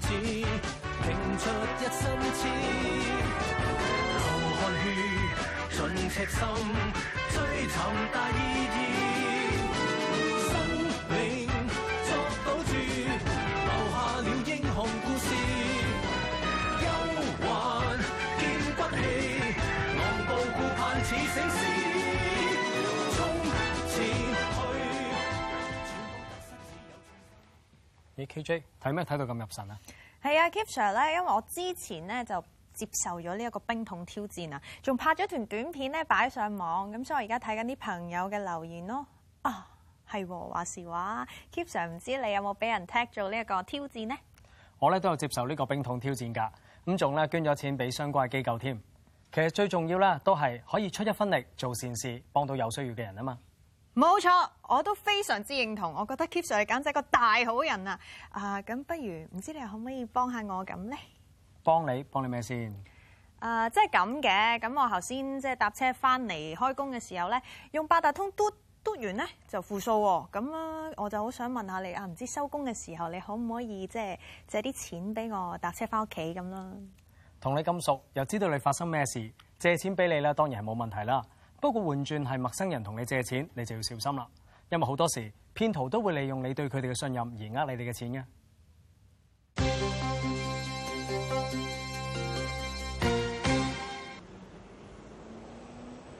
只拼出一身痴，流汗血，盡赤心，追尋大意義。生命作賭注，留下了英雄故事。憂患見骨氣，昂步顧盼，似醒獅。你 KJ 睇咩睇到咁入神啊？係啊，KipsSir 咧，因為我之前咧就接受咗呢一個冰桶挑戰啊，仲拍咗段短片咧擺上網，咁所以我而家睇緊啲朋友嘅留言咯。啊，係、啊、話時話，KipsSir 唔知你有冇俾人 tag 做呢一個挑戰呢？我咧都有接受呢個冰桶挑戰㗎，咁仲咧捐咗錢俾相關嘅機構添。其實最重要咧，都係可以出一分力做善事，幫到有需要嘅人啊嘛。冇錯，我都非常之認同。我覺得 Keep Sir 簡直個大好人啊！啊，咁不如唔知你可唔可以幫下我咁咧？幫你幫你咩先？啊，即係咁嘅。咁我頭先即係搭車翻嚟開工嘅時候咧，用八達通嘟嘟完咧就負數喎。咁啊，我就好想問下你啊，唔知收工嘅時候你可唔可以即係、就是、借啲錢俾我搭車翻屋企咁啦？同你咁熟，又知道你發生咩事，借錢俾你啦，當然係冇問題啦。不過換，換轉係陌生人同你借錢，你就要小心啦，因為好多時騙徒都會利用你對佢哋嘅信任而呃你哋嘅錢嘅。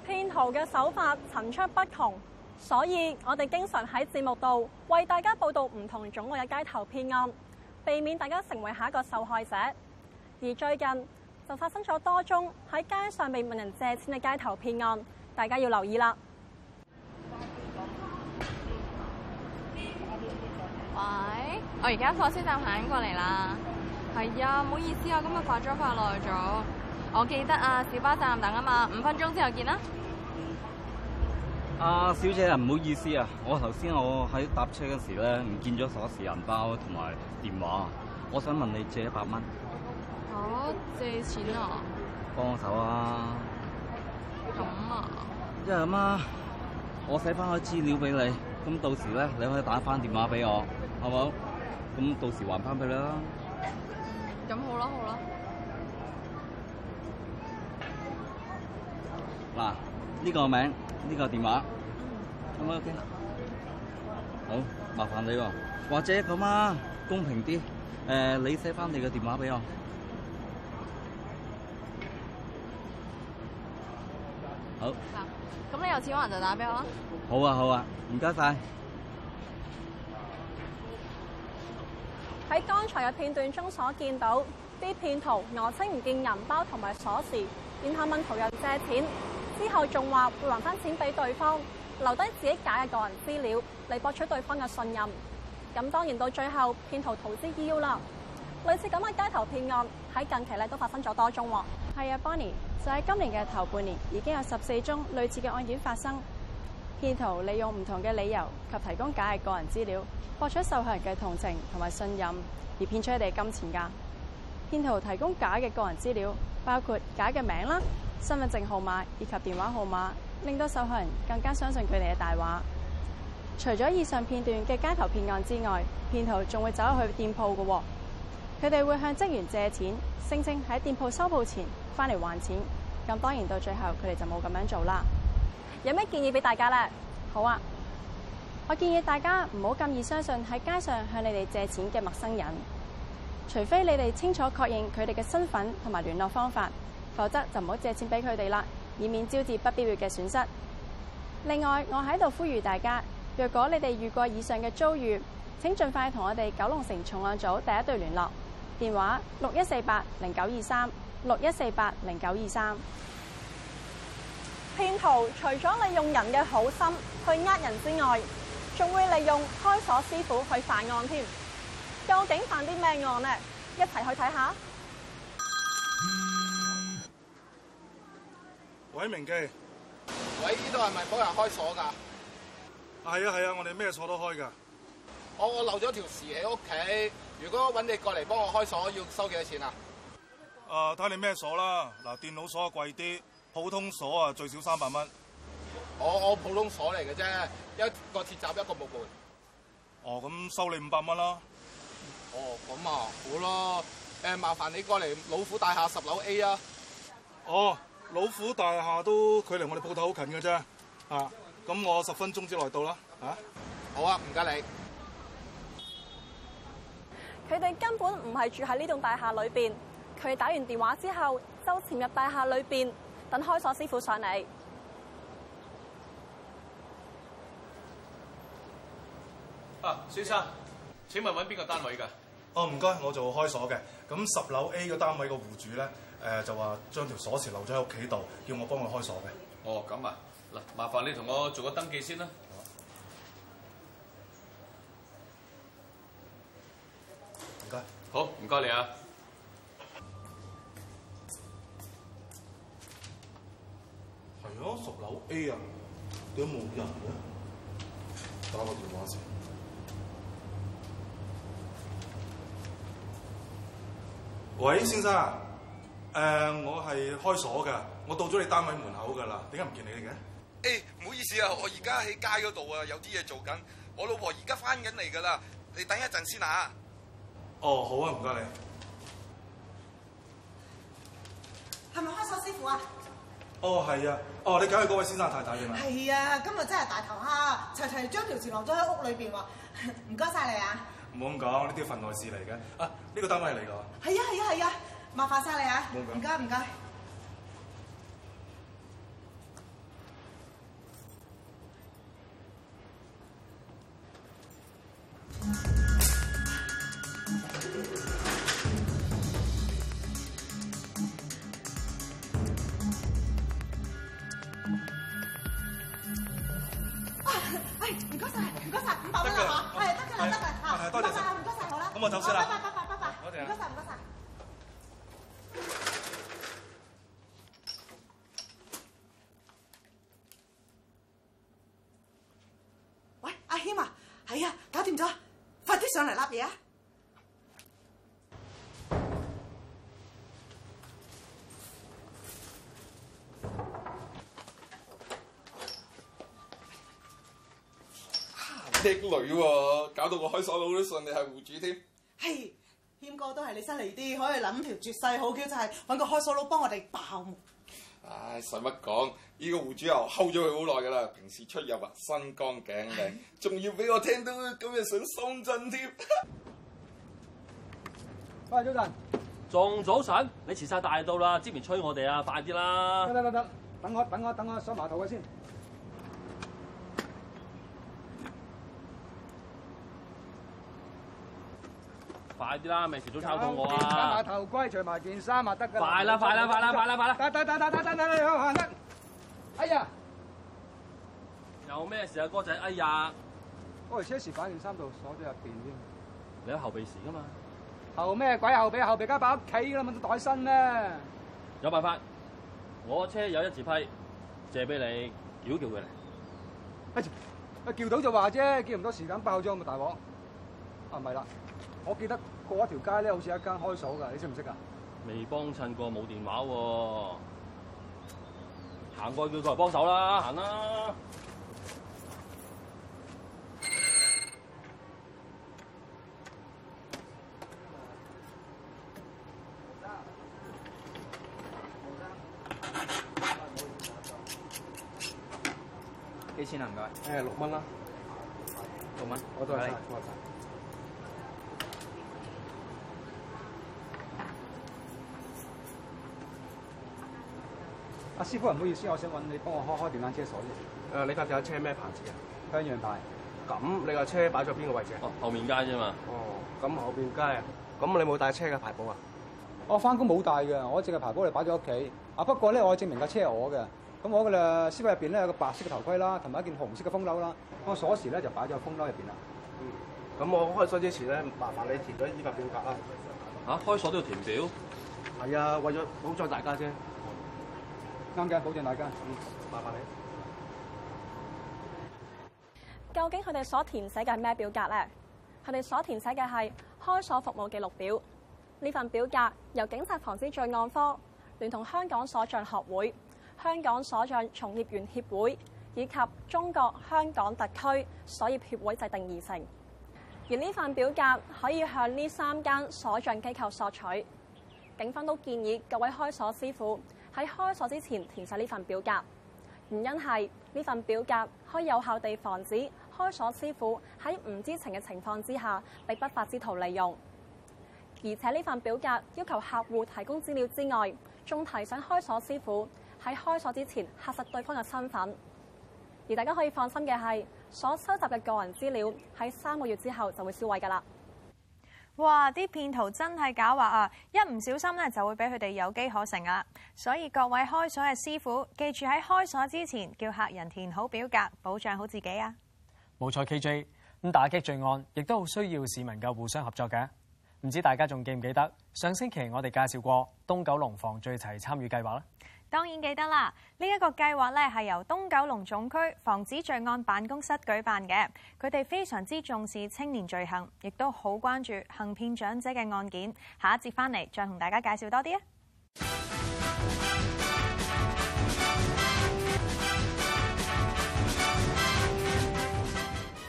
騙徒嘅手法層出不窮，所以我哋經常喺節目度為大家報道唔同種類嘅街頭騙案，避免大家成為下一個受害者。而最近就發生咗多宗喺街上被問人借錢嘅街頭騙案。大家要留意啦！喂，我而家火車站行過嚟啦。係啊，唔好意思啊，今日發咗發耐咗。我記得啊，小巴站等啊嘛，五分鐘之後見啦。阿、啊、小姐啊，唔好意思啊，我頭先我喺搭車嗰時咧唔見咗鎖匙、銀包同埋電話，我想問你借一百蚊。我、哦、借錢啊？幫手啊！咁啊，即係阿媽，我寫翻個資料俾你，咁到時咧你可以打翻電話俾我，好冇？咁到時還翻俾你啦。咁、嗯、好啦，好啦。嗱、啊，呢、這個名，呢、這個電話，咁冇得好，麻煩你喎。或者咁啊，公平啲。誒、呃，你寫翻你嘅電話俾我。好，咁、啊、你有錢可能就打俾我啦。好啊，好啊，唔該晒。喺剛才嘅片段中所見到，啲騙徒訛稱唔見銀包同埋鎖匙，然後問途人借錢，之後仲話會還翻錢俾對方，留低自己假嘅個人資料嚟，博取對方嘅信任。咁當然到最後，騙徒逃之夭夭啦。類似咁嘅街頭騙案喺近期咧都發生咗多宗。係啊，Bonnie，就喺今年嘅頭半年，已經有十四宗類似嘅案件發生，騙徒利用唔同嘅理由及提供假嘅個人資料，博取受害人嘅同情同埋信任，而騙取佢哋嘅金錢噶。騙徒提供假嘅個人資料，包括假嘅名啦、身份證號碼以及電話號碼，令到受害人更加相信佢哋嘅大話。除咗以上片段嘅街頭騙案之外，騙徒仲會走入去店鋪噶喎。佢哋會向職員借錢，聲稱喺店鋪收鋪前返嚟還錢。咁當然到最後佢哋就冇咁樣做啦。有咩建議俾大家咧？好啊，我建議大家唔好咁易相信喺街上向你哋借錢嘅陌生人，除非你哋清楚確認佢哋嘅身份同埋聯絡方法，否則就唔好借錢俾佢哋啦，以免招致不必要嘅損失。另外，我喺度呼籲大家，若果你哋遇過以上嘅遭遇，請盡快同我哋九龍城重案組第一隊聯絡。電話六一四八零九二三六一四八零九二三。騙徒除咗利用人嘅好心去呃人之外，仲會利用開鎖師傅去犯案添。究竟犯啲咩案呢？一齊去睇下。喂明記，喂呢度係咪幫人開鎖噶？係啊係啊,啊，我哋咩鎖都開噶。我我留咗條匙喺屋企。如果揾你過嚟幫我開鎖，要收幾多錢啊？誒、啊，睇下你咩鎖啦，嗱，電腦鎖啊貴啲，普通鎖啊最少三百蚊。我、哦、我普通鎖嚟嘅啫，一個鐵閘一個木門。哦，咁收你五百蚊啦。哦，咁啊好啦。誒、啊、麻煩你過嚟老虎大廈十樓 A 啊。哦，老虎大廈都距離我哋鋪頭好近嘅啫，啊，咁我十分鐘之內到啦、啊，好啊，唔該你。佢哋根本唔係住喺呢棟大廈裏邊，佢打完電話之後，就潛入大廈裏邊等開鎖師傅上嚟。啊，先生，請問揾邊個單位噶？哦，唔該，我做開鎖嘅。咁十樓 A 個單位個戶主咧，誒、呃，就話將條鎖匙留咗喺屋企度，叫我幫佢開鎖嘅。哦，咁啊，嗱，麻煩你同我做個登記先啦。唔該你啊，係啊，十樓 A 啊，點解冇人？打開電話先。喂，先生，啊，誒、呃，我係開鎖嘅，我到咗你單位門口嘅啦，點解唔見你哋嘅？誒、欸，唔好意思啊，我而家喺街嗰度啊，有啲嘢做緊，我老婆而家翻緊嚟嘅啦，你等一陣先啊。哦，好啊，唔該你。係咪開鎖師傅啊？哦，係啊，哦，你梗係嗰位先生太太嘅嘛？係啊，今日真係大頭蝦，齊齊將條匙落咗喺屋裏邊喎。唔該晒你啊！唔好咁講，呢啲都係分內事嚟嘅。啊，呢、呢個單位嚟你㗎？係啊，係啊，係啊，麻煩晒你啊！唔該，唔該。喂，阿謙啊，係啊，搞掂咗，快啲上嚟攬嘢啊！叻女喎，搞到我開鎖佬都信你係戶主添。嘿、hey，謙哥都係你犀利啲，可以諗條絕世好橋，就係揾個開鎖佬幫我哋爆，唉，使乜講？呢、這個戶主又候咗佢好耐㗎啦，平時出入啊，身光頸靚，仲、hey. 要俾我聽到今日想上深圳添。喂，早晨，仲早晨？你遲晒大到啦，接唔催我哋啊？快啲啦！得得得得，等我等我等我上碼頭嘅先。快啲啦！咪遲早抄到我啊！戴頭盔，除埋件衫啊，得㗎啦！快啦！快啦！快啦！快啦！快啦！等等等等等等等，行得！哎呀，有咩事啊，哥仔？哎呀，我台車匙擺件衫度鎖咗入邊添。你喺後備匙㗎嘛？後咩鬼後備？後備加把屋企㗎啦嘛？袋身啦。有辦法，我車有一字批借俾你，屌叫佢嚟。哎，叫到就話啫，叫唔到時間爆咗咪大鑊。啊唔係啦，我記得。過一條街咧，好似一間開鎖噶，你識唔識啊？未幫襯過，過幫，冇電話喎。行過叫佢幫手啦，行啦，啊。幾錢啊，唔該？誒，六蚊啦，六蚊。我多晒，是師傅唔好意思，我想揾你幫我開開電單車鎖先。誒、啊，你家陣嘅車咩牌子啊？香陽牌。咁你架車擺咗邊個位置？哦，後面街啫嘛。哦，咁後面街啊？咁你冇帶車嘅牌簿啊？我翻工冇帶嘅，我淨係牌簿你擺咗屋企。啊不過咧，我證明架車係我嘅。咁我嘅師傅入邊咧有個白色嘅頭盔啦，同埋一件紅色嘅風褸啦。咁個鎖匙咧就擺咗喺風褸入邊啦。嗯。咁我開鎖之前咧，麻煩你填咗依個表格啦。嚇、啊！開鎖都要填表？係、哎、啊，為咗保障大家啫。啱嘅，保障大家。麻煩你。究竟佢哋所填寫嘅係咩表格呢？佢哋所填寫嘅係開鎖服務記錄表。呢份表格由警察防止罪案科聯同香港鎖匠學會、香港鎖匠從業員協會以及中國香港特區鎖業協會制定而成。而呢份表格可以向呢三間鎖匠機構索取。警方都建議各位開鎖師傅，喺開鎖之前填曬呢份表格，原因係呢份表格可以有效地防止開鎖師傅喺唔知情嘅情況之下被不法之徒利用。而且呢份表格要求客戶提供資料之外，仲提醒開鎖師傅喺開鎖之前核實對方嘅身份。而大家可以放心嘅係，所收集嘅個人資料喺三個月之後就會銷毀㗎啦。哇！啲騙徒真係狡猾啊，一唔小心咧就會俾佢哋有機可乘啊！所以各位開鎖嘅師傅，記住喺開鎖之前叫客人填好表格，保障好自己啊！冇錯，KJ 打擊罪案亦都好需要市民夠互相合作嘅。唔知大家仲記唔記得上星期我哋介紹過東九龍防罪齊參與計劃啦？當然記得啦！呢一個計劃咧係由東九龍總區防止罪案辦公室舉辦嘅，佢哋非常之重視青年罪行，亦都好關注行騙長者嘅案件。下一節翻嚟再同大家介紹多啲啊！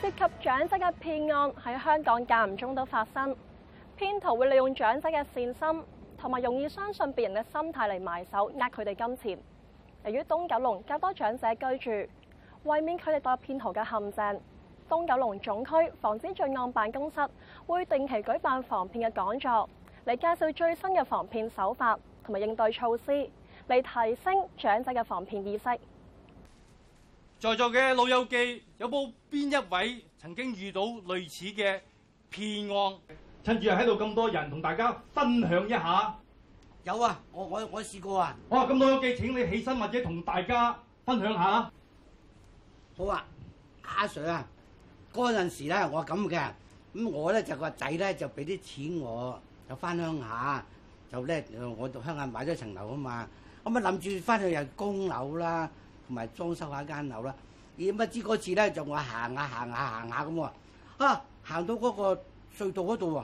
涉及長者嘅騙案喺香港間唔中都發生，騙徒會利用長者嘅善心。同埋容易相信別人嘅心態嚟埋手，呃佢哋金錢。由於東九龍較多長者居住，為免佢哋受騙徒嘅陷阱，東九龍總區防止罪案辦公室會定期舉辦防騙嘅講座，嚟介紹最新嘅防騙手法同埋應對措施，嚟提升長者嘅防騙意識。在座嘅老友記有冇邊一位曾經遇到類似嘅騙案？趁住喺度咁多人，同大家分享一下。有啊，我我我試過啊。哇、啊！咁多老友記，請你起身或者同大家分享一下好啊，阿、啊、Sir 啊，嗰陣時咧，我咁嘅。咁我咧就個仔咧就俾啲錢我，就翻鄉下，就咧我就鄉下買咗一層樓啊嘛。咁啊諗住翻去又供樓啦，同埋裝修下間樓啦。而唔知嗰次咧，就我行下、啊、行下、啊、行下咁喎，啊，行到嗰個隧道嗰度喎。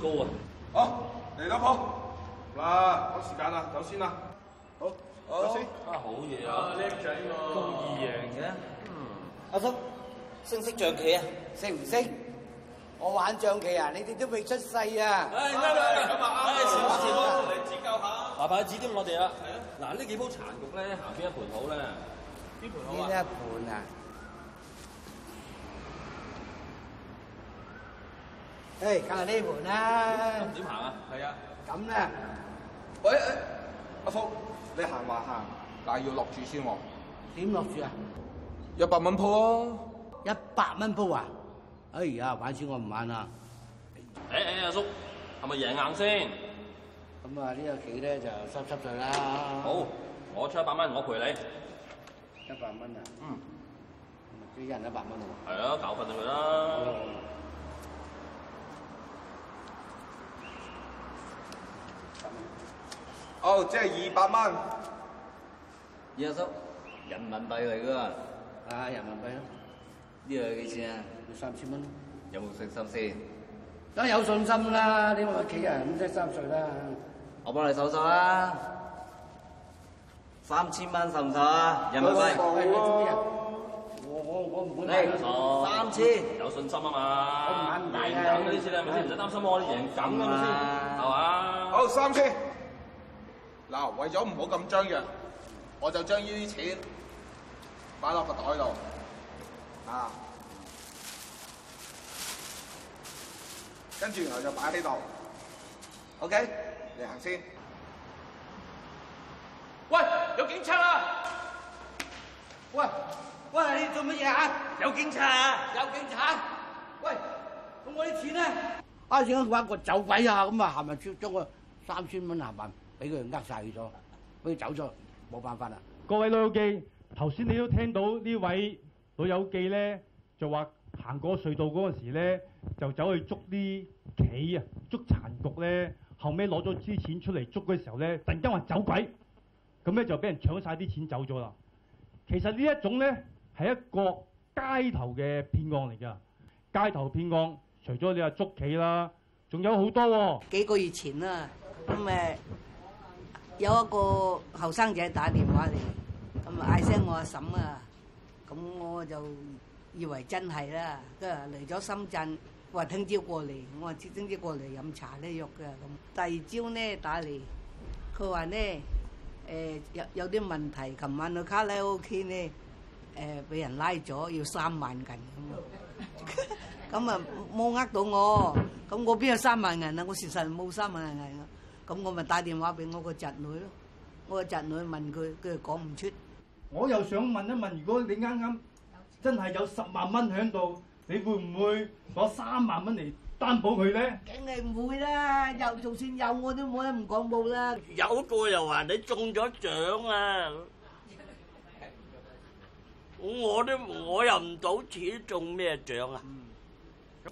高啊！好，嚟啦。嗱，趕時間啦，走先啦。好，走先。啊，好嘢啊！叻仔喎，鍾意贏嘅。嗯。阿叔，識唔識象棋啊？識唔識？我玩象棋啊，你哋都未出世啊。哎，阿叔，哎，小波，嚟指教下。下盤指點我哋啊。係啊。嗱，呢幾鋪殘局咧，行邊一盤好咧？呢盤好啊？呢一盤啊？誒，梗下呢盤啦，點行啊？係啊，咁啦、啊啊。喂喂，阿福，你行話行，但係要落注先喎、啊。點落注啊？一百蚊鋪咯。一百蚊鋪啊？哎呀，玩錢我唔玩啦、啊。誒誒，阿叔，係咪贏硬先？咁、嗯、啊，呢個棋咧就濕濕碎啦。好，我出一百蚊，我賠你。一百蚊啊？嗯。輸人一百蚊喎、啊。係啊，搞分俾佢啦。好哦、oh,，即係二百蚊，依家叔，人民幣嚟噶，啊，人民幣啦，呢個幾錢啊？三千蚊，有冇信心先？梗係有信心啦，呢屋企人唔識三歲啦，我幫你搜數啦，三千蚊受唔受啊？人民幣，我我我唔會，三千，啊、有信心啊嘛，我唔敢，贏咁呢次咪唔使擔心，我哋贏咁嘅，係咪係嘛？啊好，三千嗱，為咗唔好咁張揚，我就將呢啲錢擺落個袋度啊，跟住然後就擺喺呢度，OK，你行先。喂，有警察啊！喂喂，你做乜嘢啊？有警察，有警察！喂，咁我啲錢呢？啊，點解佢玩個走鬼啊？咁啊，行埋朝中啊！三千蚊冚唪唥俾佢呃晒去咗，佢走咗冇辦法啦。各位老友記，頭先你都聽到呢位老友記咧，就話行過隧道嗰陣時咧，就走去捉啲棋啊，捉殘局咧，後尾攞咗啲錢出嚟捉嘅時候咧，陣間話走鬼，咁咧就俾人搶晒啲錢走咗啦。其實呢一種咧係一個街頭嘅騙案嚟噶，街頭騙案除咗你話捉棋啦，仲有好多喎、哦。幾個月前啊，咁、嗯、誒有一個後生仔打電話嚟，咁啊嗌聲我阿嬸啊，咁、嗯、我就以為真係啦，都係嚟咗深圳，話聽朝過嚟，我話聽朝過嚟飲茶呢約嘅咁。第二朝呢打嚟，佢話呢，誒、呃、有有啲問題，琴晚去卡拉 OK 呢，誒、呃、俾人拉咗，要三萬銀咁啊，咁啊冇呃到我，咁我邊有三萬銀啊？我事實冇三萬銀嘅。咁我咪打電話俾我個侄女咯，我個侄女問佢，佢又講唔出。我又想問一問，如果你啱啱真係有十萬蚊喺度，你會唔會攞三萬蚊嚟擔保佢咧？梗係唔會啦，又就算有我都冇得唔講報啦。有個又話你中咗獎啊，咁我都我又唔到錢中咩獎啊？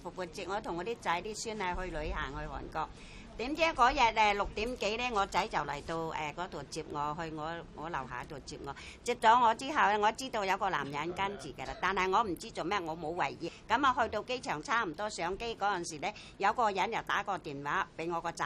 復活節我同我啲仔啲孫係去旅行去韓國。點知嗰日誒，六點幾咧，我仔就嚟到誒，嗰度接我，去我我樓下度接我。接咗我之後咧，我知道有個男人跟住㗎喇。但係我唔知做咩，我冇為意。咁啊，去到機場差唔多上機嗰陣時咧，有個人又打個電話俾我個仔，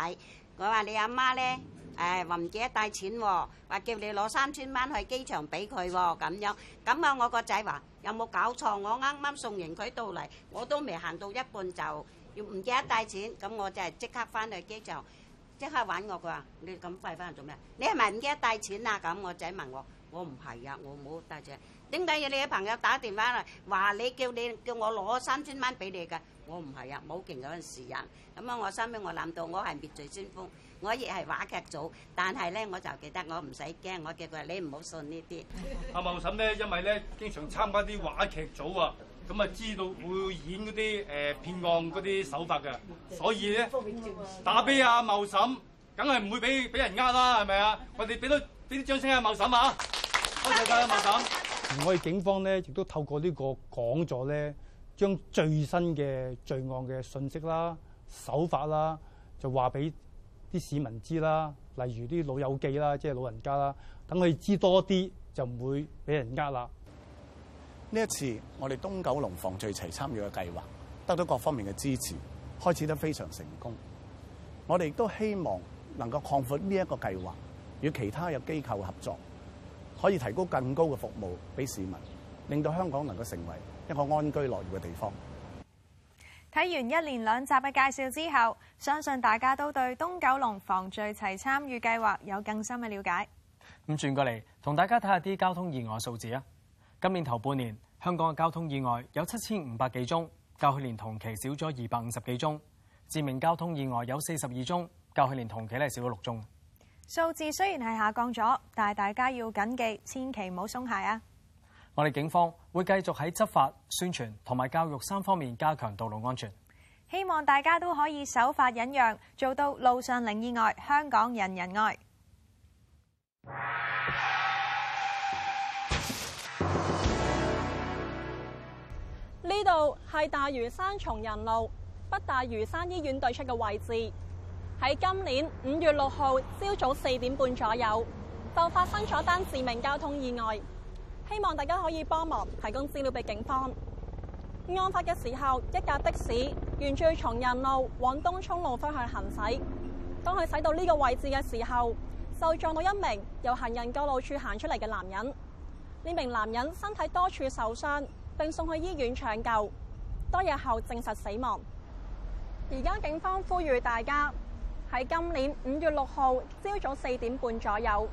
佢話：你阿媽咧，誒，唔記得帶錢喎，話叫你攞三千蚊去機場俾佢喎。咁樣咁啊，我個仔話有冇搞錯？我啱啱送完佢到嚟，我都未行到一半就。唔記得帶錢，咁我就係即刻翻去機場，即刻玩我。佢話：你咁快翻嚟做咩？你係咪唔記得帶錢啊？咁我仔問我：我唔係啊，我冇帶錢。點解要你嘅朋友打電話嚟話你叫你叫我攞三千蚊俾你㗎？我唔係啊，冇勁嗰陣時啊。咁啊，我心屘、那個、我諗到，我係滅罪先鋒，我亦係話劇組，但係咧我就記得我唔使驚，我叫佢話你唔好信、 啊、呢啲。阿茂嬸咧，因為咧經常參加啲話劇組啊。咁啊，知道會演嗰啲誒騙案嗰啲手法嘅，所以咧打俾阿、啊、茂審，梗係唔會俾俾人呃啦，係咪啊？ 我哋俾多俾啲掌聲阿茂審啊！啊 多謝曬阿茂審。而我哋警方咧亦都透過呢個講座咧，將最新嘅罪案嘅訊息啦、手法啦，就話俾啲市民知啦，例如啲老友記啦，即、就、係、是、老人家啦，等佢知多啲，就唔會俾人呃啦。呢一次，我哋東九龍防罪齊參與嘅計劃得到各方面嘅支持，開始得非常成功。我哋亦都希望能夠擴闊呢一個計劃，與其他有機構的合作，可以提高更高嘅服務俾市民，令到香港能夠成為一個安居樂業嘅地方。睇完一連兩集嘅介紹之後，相信大家都對東九龍防罪齊參與計劃有更深嘅了解。咁轉過嚟同大家睇下啲交通意外嘅數字啊！今年頭半年，香港嘅交通意外有七千五百幾宗，較去年同期少咗二百五十幾宗；致命交通意外有四十二宗，較去年同期咧少咗六宗。數字雖然係下降咗，但係大家要謹記，千祈唔好鬆懈啊！我哋警方會繼續喺執法、宣傳同埋教育三方面加強道路安全，希望大家都可以守法忍讓，做到路上零意外，香港人人愛。 呢度係大嶼山松仁路，北大嶼山醫院對出嘅位置。喺今年五月六號朝早四點半左右，就發生咗單致命交通意外。希望大家可以幫忙提供資料俾警方。案發嘅時候，一架的士沿住松仁路往東涌路方向行駛。當佢駛到呢個位置嘅時候，就撞到一名由行人過路處行出嚟嘅男人。呢名男人身體多處受傷。並送去醫院搶救，多日後證實死亡。而家警方呼籲大家喺今年五月六號朝早四點半左右，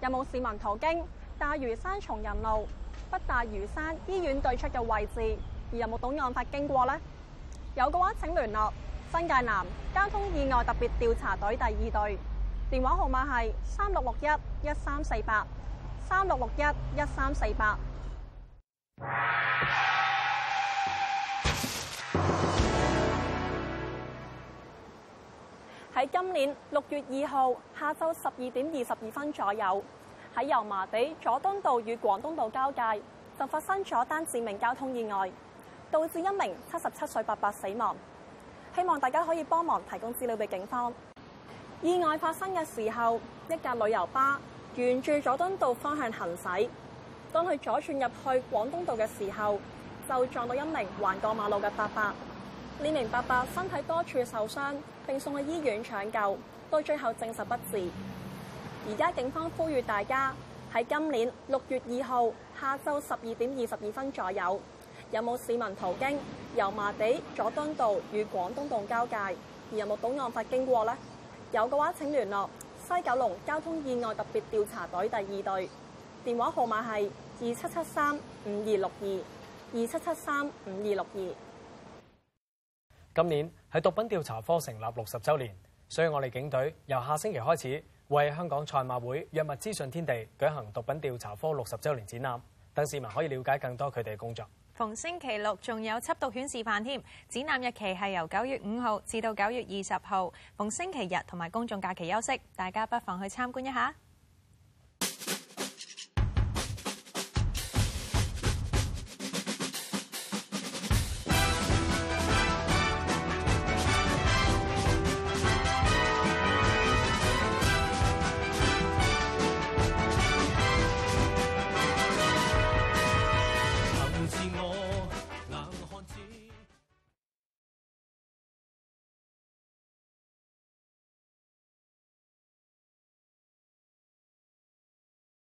有冇市民途經大嶼山松仁路北大嶼山醫院對出嘅位置？而有冇到案發經過呢？有嘅話請聯，請聯絡新界南交通意外特別調查隊第二隊，電話號碼係三六六一一三四八三六六一一三四八。喺今年六月二號下晝十二點二十二分左右，喺油麻地佐敦道與廣東道交界，就發生咗單致命交通意外，導致一名七十七歲伯伯死亡。希望大家可以幫忙提供資料俾警方。意外發生嘅時候，一架旅遊巴沿住佐敦道方向行駛。當佢左轉入去廣東道嘅時候，就撞到一名橫過馬路嘅伯伯。呢名伯伯身體多處受傷，並送去醫院搶救，到最後證實不治。而家警方呼籲大家喺今年六月二號下晝十二點二十二分左右，有冇市民途經油麻地佐敦道與廣東道交界，而有冇目睹案發經過呢？有嘅話請聯絡西九龍交通意外特別調查隊第二隊，電話號碼係。二七七三五二六二，二七七三五二六二。今年係毒品調查科成立六十周年，所以我哋警隊由下星期開始為香港賽馬會藥物資訊天地舉行毒品調查科六十周年展覽，等市民可以了解更多佢哋工作。逢星期六仲有緝毒犬示範添，展覽日期係由九月五號至到九月二十號，逢星期日同埋公眾假期休息，大家不妨去參觀一下。